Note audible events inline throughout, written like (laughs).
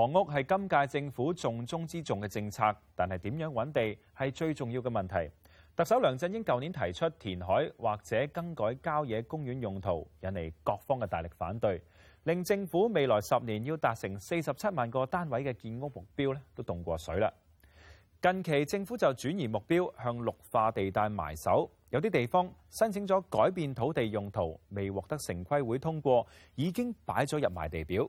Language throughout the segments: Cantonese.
房屋係今屆政府重中之重嘅政策，但係點樣揾地係最重要嘅問題。特首梁振英舊年提出填海或者更改郊野公園用途，引嚟各方嘅大力反對，令政府未來十年要達成四十七萬個單位嘅建屋目標咧，都凍過水啦。近期政府就轉移目標向綠化地帶埋手，有啲地方申請咗改變土地用途，未獲得城規會通過，已經擺咗入埋地表。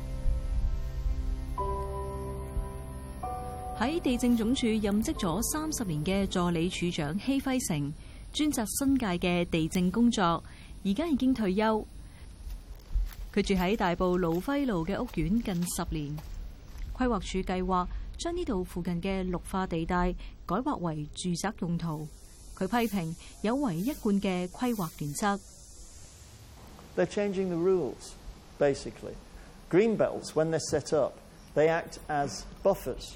喺地政總署任職咗三十年嘅助理處長希輝成，專責新界嘅地政工作，而家已經退休。佢住喺大埔盧輝路嘅屋苑近十年。規劃署計劃將呢度附近嘅綠化地帶改劃為住宅用途。佢批評有違一貫嘅規劃原則。They're changing the rules basically. Green belts, when they're set up, they act as buffers.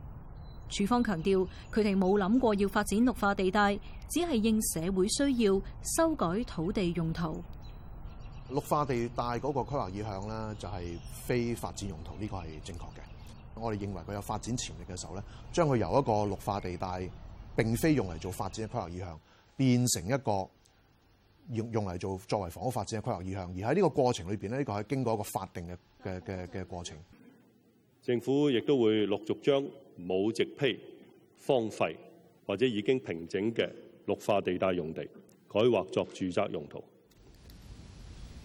署方強調，佢哋冇諗過要發展綠化地帶，只係應社會需要修改土地用途。綠化地帶嗰個規劃意向咧，就係非發展用途，呢個係正確嘅。我哋認為佢有發展潛力嘅時候咧，將佢由一個綠化地帶並非用嚟做發展嘅規劃意向，變成一個用用嚟做作為房屋發展嘅規劃意向。而喺呢個過程裏邊咧，呢個係經過一個法定嘅嘅嘅嘅過程。政府亦都會陸續將冇植被、荒廢或者已經平整嘅綠化地帶用地，改劃作住宅用途。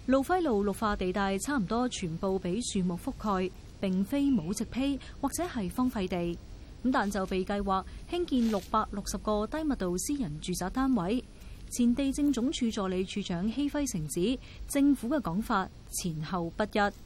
路輝路綠化地帶差唔多全部俾樹木覆蓋，並非冇植被，或者係荒廢地。咁但就被計劃興建六百六十個低密度私人住宅單位。前地政總署助理署長希輝成指，政府嘅講法前後不一。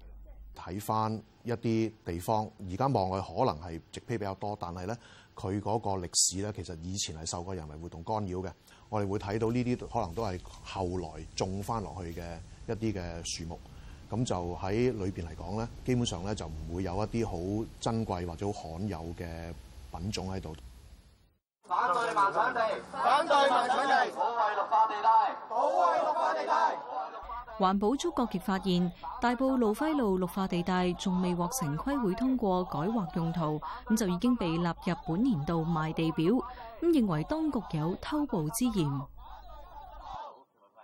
睇翻一啲地方，而家望落去可能係植被比較多，但係咧佢嗰個歷史咧，其實以前係受過人為活動干擾嘅。我哋會睇到呢啲可能都係後來種翻落去嘅一啲嘅樹木。咁就喺裏邊嚟講咧，基本上咧就唔會有一啲好珍貴或者好罕有嘅品種喺度。反對盲搶地，反對盲搶地，保衞綠化地帶，保衞綠化地帶。環保觸覺亦發現，大埔露輝路綠化地帶仲未獲城規會通過改劃用途，咁就已經被納入本年度賣地表，咁認為當局有偷步之嫌。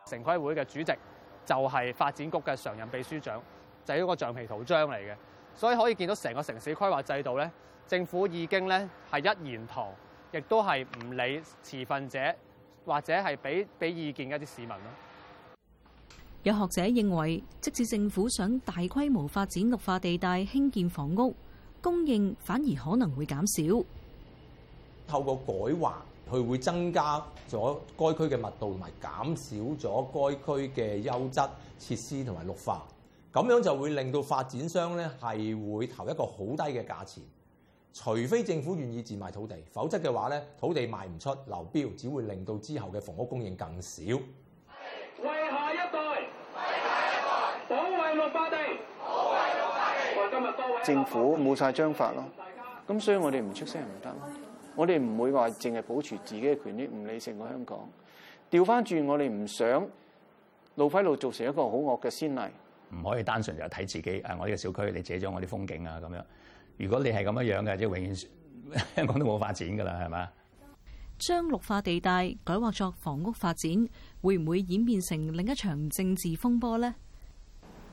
城規會嘅主席就係發展局嘅常任秘書長，就係、是、一個橡皮圖章嚟嘅，所以可以見到成個城市規劃制度咧，政府已經咧係一言堂，亦都係唔理持份者或者係俾俾意見嘅一啲市民咯。有學者認為，即使政府想大規模發展綠化地帶，興建房屋，供應反而可能會減少。透過改劃，佢會增加咗該區嘅密度，同埋減少咗該區嘅優質設施同埋綠化。咁樣就會令到發展商咧係會投一個好低嘅價錢，除非政府願意賤賣土地，否則嘅話咧土地賣唔出，流標，只會令到之後嘅房屋供應更少。政府冇晒章法咯，咁所以我哋唔出聲唔得，我哋唔會話淨係保持自己嘅權益，唔理成個香港。調翻轉，我哋唔想路輝路造成一個好惡嘅先例，唔可以單純就睇自己，誒我呢個小區你遮咗我啲風景啊咁樣。如果你係咁樣樣嘅，即係永遠香港都冇發展噶啦，係嘛？將綠化地帶改劃作房屋發展，會唔會演變成另一場政治風波咧？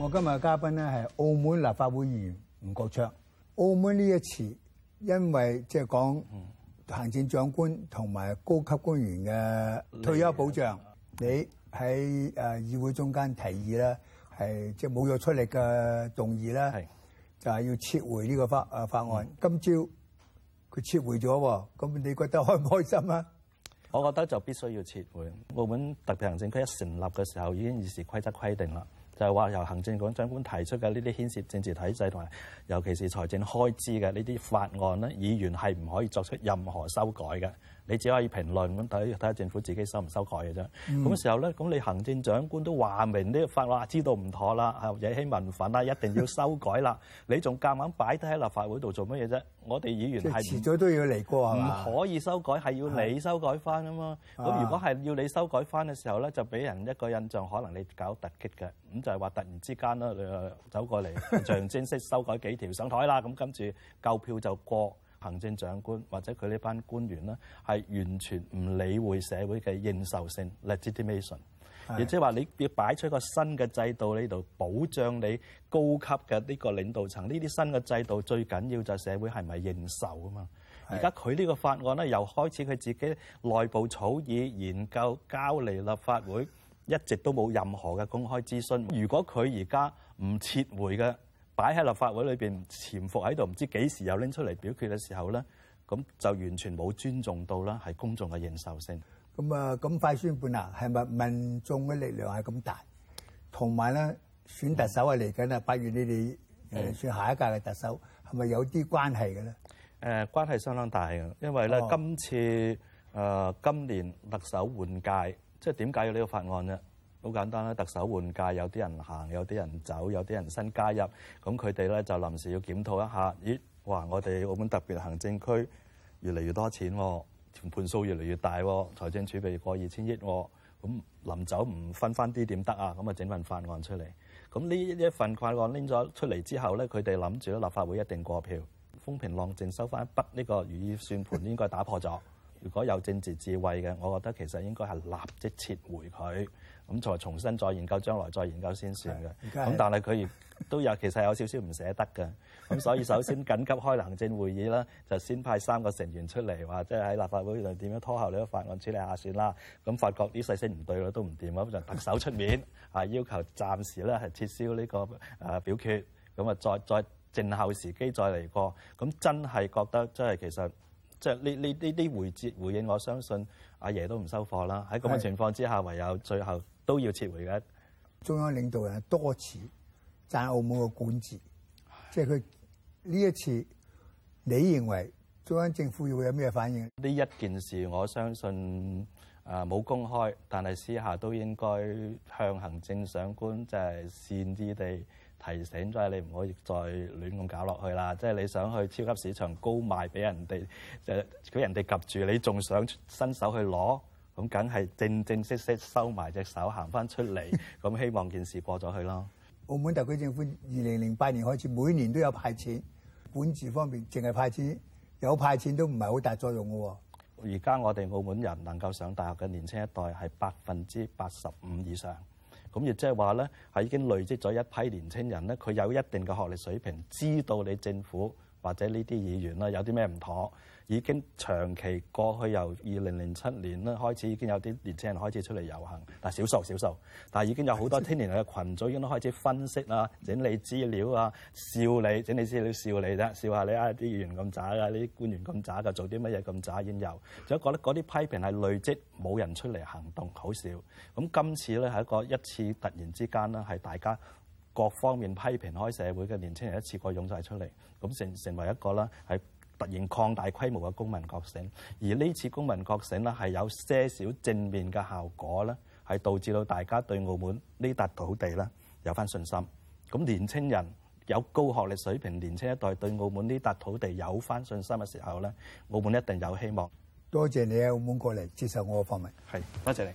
我今日嘅嘉賓咧係澳門立法會議員吳國昌。澳門呢一次，因為即係講行政長官同埋高級官員嘅退休保障，你喺誒議會中間提議咧，係即係冇咗出力嘅動議咧，就係、是、要撤回呢個法誒法案。嗯、今朝佢撤回咗，咁你覺得開唔開心啊？我覺得就必須要撤回。澳門特別行政區一成立嘅時候已經議事規則規定啦。就係話由行政長官提出嘅呢啲牽涉政治體制和尤其是財政開支嘅呢啲法案咧，議員係唔可以作出任何修改嘅。你只可以評論咁睇睇下政府自己修唔修改嘅啫。咁時候咧，咁你行政長官都話明啲法例知道唔妥啦，係惹起民憤啦，一定要修改啦。你仲夾硬擺低喺立法會度做乜嘢啫？我哋議員係遲早都要嚟過呀，唔可以修改，係要你修改翻啊嘛。咁如果係要你修改翻嘅時候咧，就俾人一個印象，可能你搞突擊嘅，咁就係話突然之間啦，你走過嚟，象徵式修改幾條上台啦，咁跟住夠票就過。行政長官或者佢呢班官員咧，係完全唔理會社會嘅認受性 legitimation 亦即係話，你要擺出一個新嘅制度呢度保障你高級嘅呢個領導層，呢啲新嘅制度最緊要就係社會係咪認受啊嘛？而家佢呢個法案咧，由開始佢自己內部草擬、研究、交嚟立法會，一直都冇任何嘅公開諮詢。如果佢而家唔撤回嘅，擺喺立法會裏邊潛伏喺度，唔知幾時又拎出嚟表決嘅時候咧，咁就完全冇尊重到啦，係公眾嘅認受性。咁啊，咁快宣判啊，係咪民眾嘅力量係咁大？同埋咧，選特首係嚟緊啦，八月你哋誒選下一屆嘅特首，係咪有啲關係嘅咧？誒，關係相當大嘅，因為咧，今次誒今年特首換屆，即係點解要呢個法案咧？好簡單啦，特首換屆，有啲人行，有啲人走，有啲人，人，人新加入，咁佢哋咧就臨時要檢討一下，咦？哇！我哋澳門特別行政區越嚟越多錢、哦，盤數越嚟越大、哦，財政儲備過二千億、哦，咁臨走唔分翻啲點得啊？咁啊整份法案出嚟，咁呢一份法案拎咗出嚟之後咧，佢哋諗住咧立法會一定過票，風平浪靜收翻一筆呢、呢個如意算盤應該打破咗。 (laughs) 如果有政治智慧嘅，我覺得其實應該係立即撤回佢，咁才重新再研究，將來再研究先算嘅。咁但係佢亦都有其實有少少唔捨得嘅。咁所以首先緊急開行政會議啦， (laughs) 就先派三個成員出嚟，話，即係喺立法會度點樣拖後呢個法案處理下算啦。咁發覺啲勢色唔對咯，都唔掂，咁就特首出面啊，要求暫時咧係撤銷呢個誒表決，咁啊再再靜候時機再嚟過，咁真係覺得即係其實。即係呢呢呢啲回應，我相信阿爺，爺都唔收貨啦。喺咁嘅情況之下，唯有最後都要撤回嘅。中央領導人多次讚澳門嘅管治，即係佢呢一次，你認為中央政府會有咩反應？呢一件事我相信啊冇公開，但係私下都應該向行政長官就係、是、善意地。提醒咗係、就是、你唔可以再亂咁搞落去啦！即、就、係、是、你想去超級市場高賣俾人哋，誒，俾人哋及住，你仲想伸手去攞，咁梗係正正式式收埋隻手行翻出嚟。咁 (laughs) 希望件事過咗去咯。澳門特區政府二零零八年開始每年都有派錢，管治方面淨係派錢，有派錢都唔係好大作用嘅喎。而家我哋澳門人能夠上大學嘅年輕一代係百分之八十五以上。咁亦即係話咧，係已經累積咗一批年青人咧，佢有一定嘅學歷水平，知道你政府。或者呢啲議員啦，有啲咩唔妥，已經長期過去由二零零七年啦開始，已經有啲年青人開始出嚟遊行，但係少數少數，但係已經有好多青年嘅群組已經都開始分析啊、整理資料啊、笑你整理資料笑你啫，笑下你啊啲、哎、議員咁渣㗎，呢啲官員咁渣就做啲乜嘢咁渣已經有，只不過咧嗰啲批評係累積，冇人出嚟行動，好少。咁今次咧係一個一次突然之間啦，係大家。各方面批評開社會嘅年輕人一次過湧晒出嚟，咁成成為一個啦，係突然擴大規模嘅公民覺醒。而呢次公民覺醒咧，係有些少正面嘅效果咧，係導致到大家對澳門呢笪土地啦有翻信心。咁年輕人有高學歷水平，年輕一代對澳門呢笪土地有翻信心嘅時候呢，澳門一定有希望。多謝你喺澳門過嚟接受我嘅訪問，係多謝你。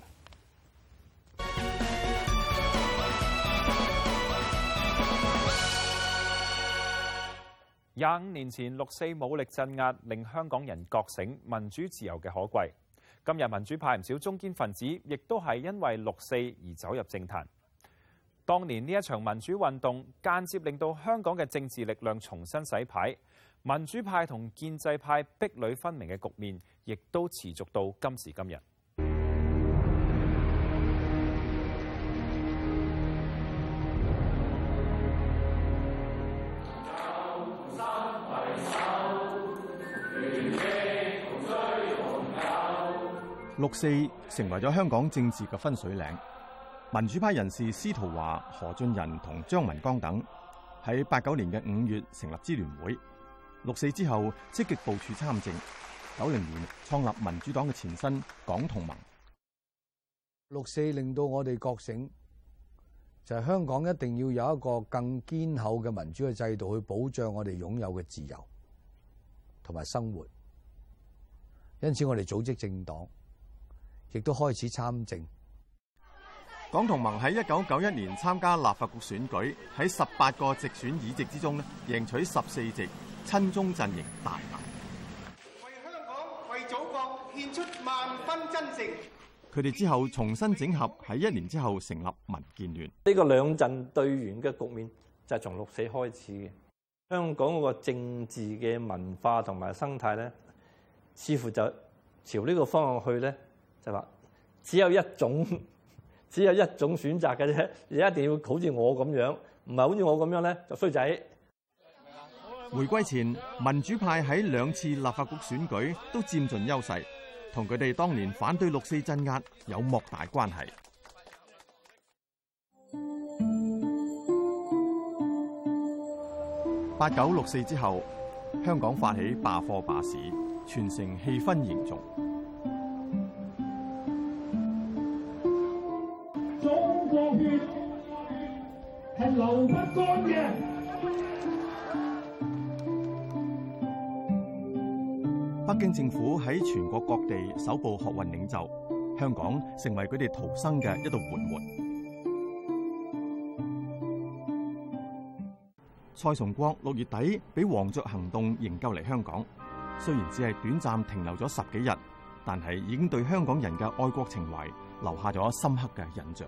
廿五年前六四武力鎮壓令香港人覺醒民主自由嘅可貴，今日民主派唔少中堅分子亦都係因為六四而走入政壇。當年呢一場民主運動間接令到香港嘅政治力量重新洗牌，民主派同建制派壁壘分明嘅局面亦都持續到今時今日。六四成為咗香港政治嘅分水嶺，民主派人士司徒華、何俊仁同張文光等喺八九年嘅五月成立支聯會。六四之後積極部署參政，九零年創立民主黨嘅前身港同盟。六四令到我哋覺醒，就係香港一定要有一個更堅厚嘅民主嘅制度去保障我哋擁有嘅自由同埋生活。因此，我哋組織政黨。亦都開始參政。港同盟喺一九九一年參加立法局選舉，喺十八個直選議席之中咧，贏取十四席，親中陣營大敗。為香港、為祖國獻出萬分真誠。佢哋之後重新整合，喺一年之後成立民建聯。呢個兩陣對壘嘅局面就係從六四開始嘅。香港嗰個政治嘅文化同埋生態咧，似乎就朝呢個方向去咧。就話只有一種，只有一種選擇嘅啫，你一定要好似我咁樣，唔係好似我咁樣咧，就衰仔。回歸前，民主派喺兩次立法局選舉都佔盡優勢，同佢哋當年反對六四鎮壓有莫大關係。八九六四之後，香港發起罷課罷市，全城氣氛嚴重。北京政府喺全國各地首部學運領袖，香港成為佢哋逃生嘅一道活門，門。蔡崇國六月底俾黃雀行動營救嚟香港，雖然只係短暫停留咗十幾日，但係已經對香港人嘅愛國情懷留下咗深刻嘅印象。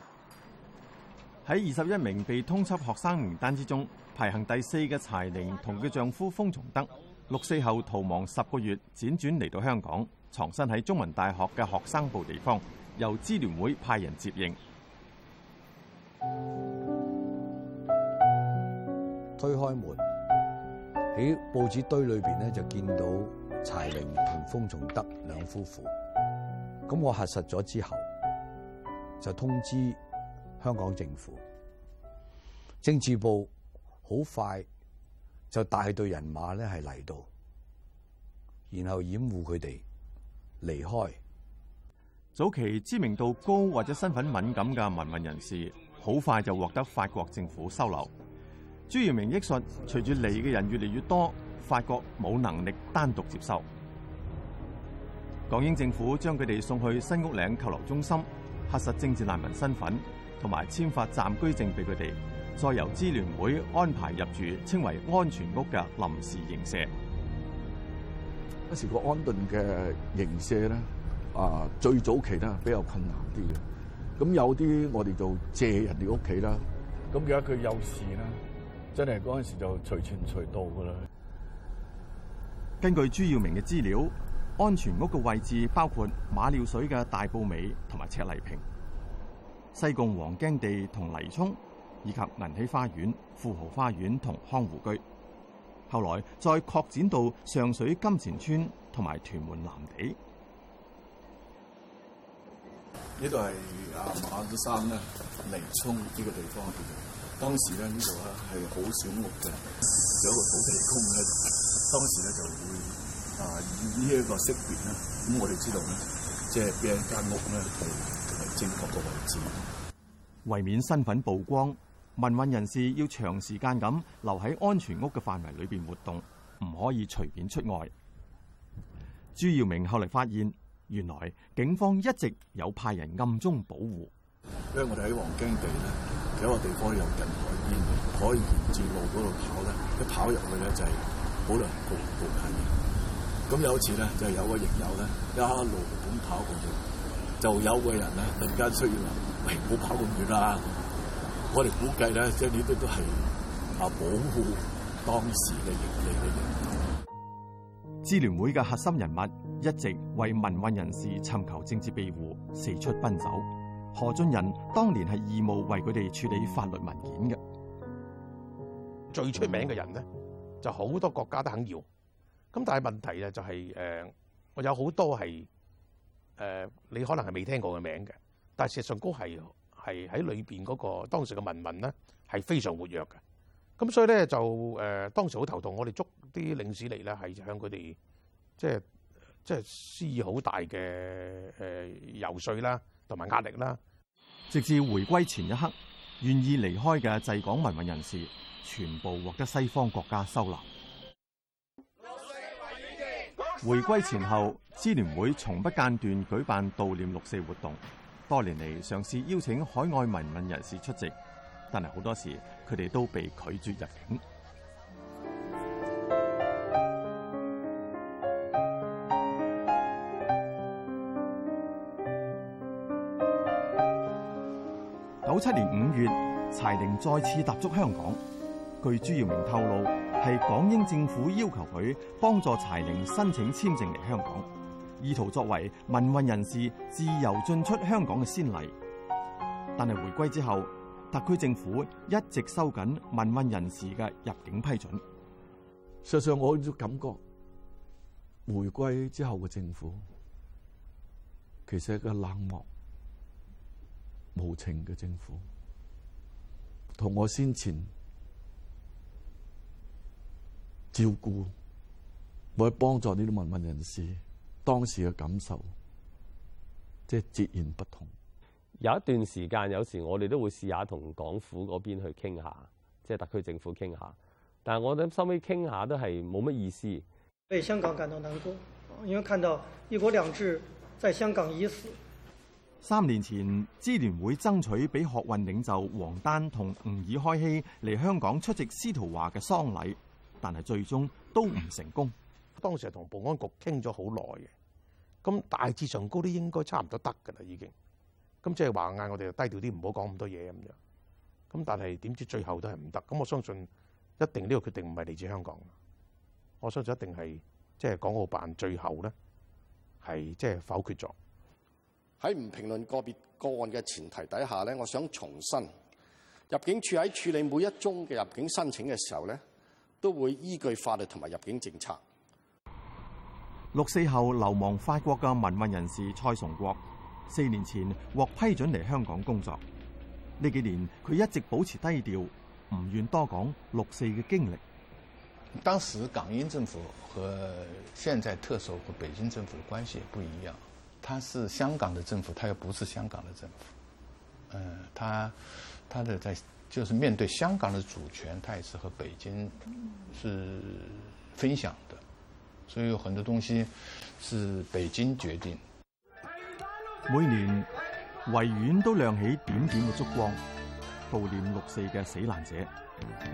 喺二十一名被通緝學生名單之中，排行第四嘅柴玲同佢丈夫封從德，六四後逃亡十個月，輾轉嚟到香港，藏身喺中文大學嘅學生部地方，由支聯會派人接應。推開門喺報紙堆裏邊咧，就見到柴玲同封從德兩夫婦。咁我核實咗之後，就通知。香港政府政治部好快就帶隊人馬咧，係嚟到，然後掩護佢哋離開。早期知名度高或者身份敏感嘅民運人士，好快就獲得法國政府收留。朱耀明憶述隨住嚟嘅人越嚟越多，法國冇能力單獨接收，港英政府將佢哋送去新屋嶺扣留中心核實政治難民身份。同埋簽發暫居證俾佢哋，再由支聯會安排入住，稱為安全屋嘅臨時營舍。嗰時個安頓嘅營舍咧，啊，最早期咧比較困難啲嘅，咁有啲我哋就借人哋屋企啦。咁而家佢有事啦，真係嗰陣時就隨傳隨到噶啦。根據朱耀明嘅資料，安全屋嘅位置包括馬料水嘅大埔尾同埋赤泥坪、西貢黃麖地同泥涌，以及銀禧花園、富豪花園同康湖居，後來再擴展到上水金錢村同埋屯門藍地。呢度係啊馬鞍山咧，泥涌呢個地方叫做，當時咧呢度咧係好少屋嘅，有一個土地公咧，當時咧就會啊以呢一個識別咧，咁我哋知道咧，即係邊一間屋咧係。正確嘅位置，為免身份曝光，民運人士要長時間咁留喺安全屋嘅範圍裏邊活動，唔可以隨便出外。朱耀明後嚟發現，原來警方一直有派人暗中保護。因為我哋喺黃京地咧，有個地方有近海邊，可以沿住路嗰度跑咧，一跑入去咧就係好難保保險嘅。咁有一次咧，就係有個營友咧，一路咁跑過去。就有個人咧突然間出現啦，喂，唔好跑咁遠啦，啊！我哋估計咧，將呢啲都係啊保護當時嘅營利嘅人。支聯會嘅核心人物一直為民運人士尋求政治庇護，四出奔走。何俊仁當年係義務為佢哋處理法律文件嘅。最出名嘅人咧，就好多國家都肯要。咁但係問題咧就係，是，誒、呃，我有好多係。誒、呃，你可能係未聽過嘅名嘅，但事實上係係喺裏邊嗰個當時嘅民運咧，係非常活躍嘅。咁所以咧就誒、呃，當時好頭痛，我哋捉啲領事嚟咧，係向佢哋即係即係施好大嘅誒遊說啦，同、呃、埋壓力啦。直至回歸前一刻，願意離開嘅滯港民運人士，全部獲得西方國家收留。回歸前後，支聯會從不間斷舉辦悼念六四活動，多年嚟嘗試邀請海外民運人士出席，但係好多時佢哋都被拒絕入境。九七 (music) 年五月，柴玲再次踏足香港，據朱耀明透露。係港英政府要求佢幫助柴玲申請簽證嚟香港，意圖作為民運人士自由進出香港嘅先例。但係回歸之後，特區政府一直收緊民運人士嘅入境批准。事實上，我感覺回歸之後嘅政府其實係一個冷漠無情嘅政府，同我先前。照顧，我去幫助呢啲民運人士當時嘅感受，即係截然不同。有一段時間，有時我哋都會試下同港府嗰邊去傾下，即係特區政府傾下。但係我諗收尾傾下都係冇乜意思。為香港感到難過，因為看到一國兩制在香港已死。三年前，支聯會爭取俾學運領袖王丹同吾爾開希嚟香港出席司徒華嘅喪禮。但係最終都唔成功。當時係同保安局傾咗好耐嘅。咁大致上高啲，應該差唔多得噶啦。已經咁即係話，嗌我哋就低調啲，唔好講咁多嘢咁樣。咁但係點知最後都係唔得。咁我相信一定呢個決定唔係嚟自香港。我相信一定係即係港澳辦最後咧係即係否決咗。喺唔評論個別個案嘅前提底下咧，我想重申入境處喺處理每一宗嘅入境申請嘅時候咧，都會依據法律同埋入境政策。六四後流亡法國嘅民運人士蔡崇國，四年前獲批准嚟香港工作。呢幾年佢一直保持低調，唔願多講六四嘅經歷。當時港英政府和現在特首和北京政府嘅關係也不一樣。他是香港的政府，他又不是香港的政府。嗯、呃，它的在。就是面對香港的主權，它也是和北京是分享的，所以有很多東西是北京決定。每年維園都亮起點點嘅燭光，悼念六四嘅死難者，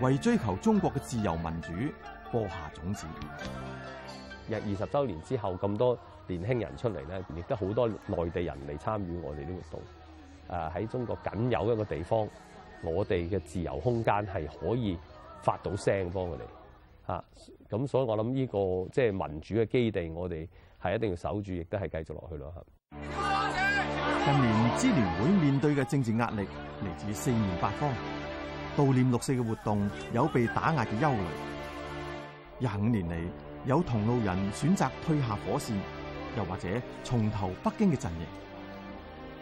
為追求中國嘅自由民主播下種子。若二十週年之後咁多年輕人出嚟咧，亦都好多內地人嚟參與我哋呢個活動。啊，喺中國僅有一個地方。我哋嘅自由空間係可以發到聲幫佢哋吓，咁所以我諗呢個即係民主嘅基地，我哋係一定要守住，亦都係繼續落去咯吓。近年支聯會面對嘅政治壓力嚟自四面八方，悼念六四嘅活動有被打壓嘅憂慮。廿五年嚟，有同路人選擇退下火線，又或者重投北京嘅陣營。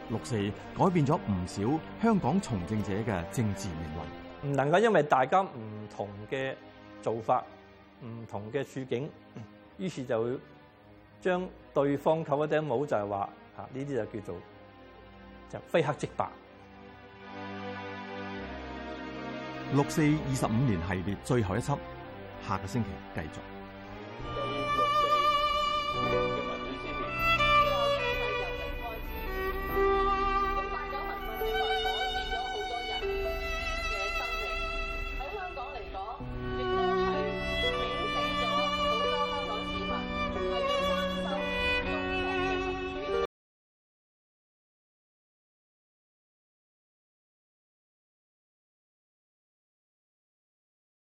六四改變咗唔少香港從政者嘅政治命運，唔能夠因為大家唔同嘅做法、唔同嘅處境，於是就將對方扣一頂帽，就係話吓呢啲就叫做就是非黑即白。六四二十五年系列最後一輯，下個星期繼續。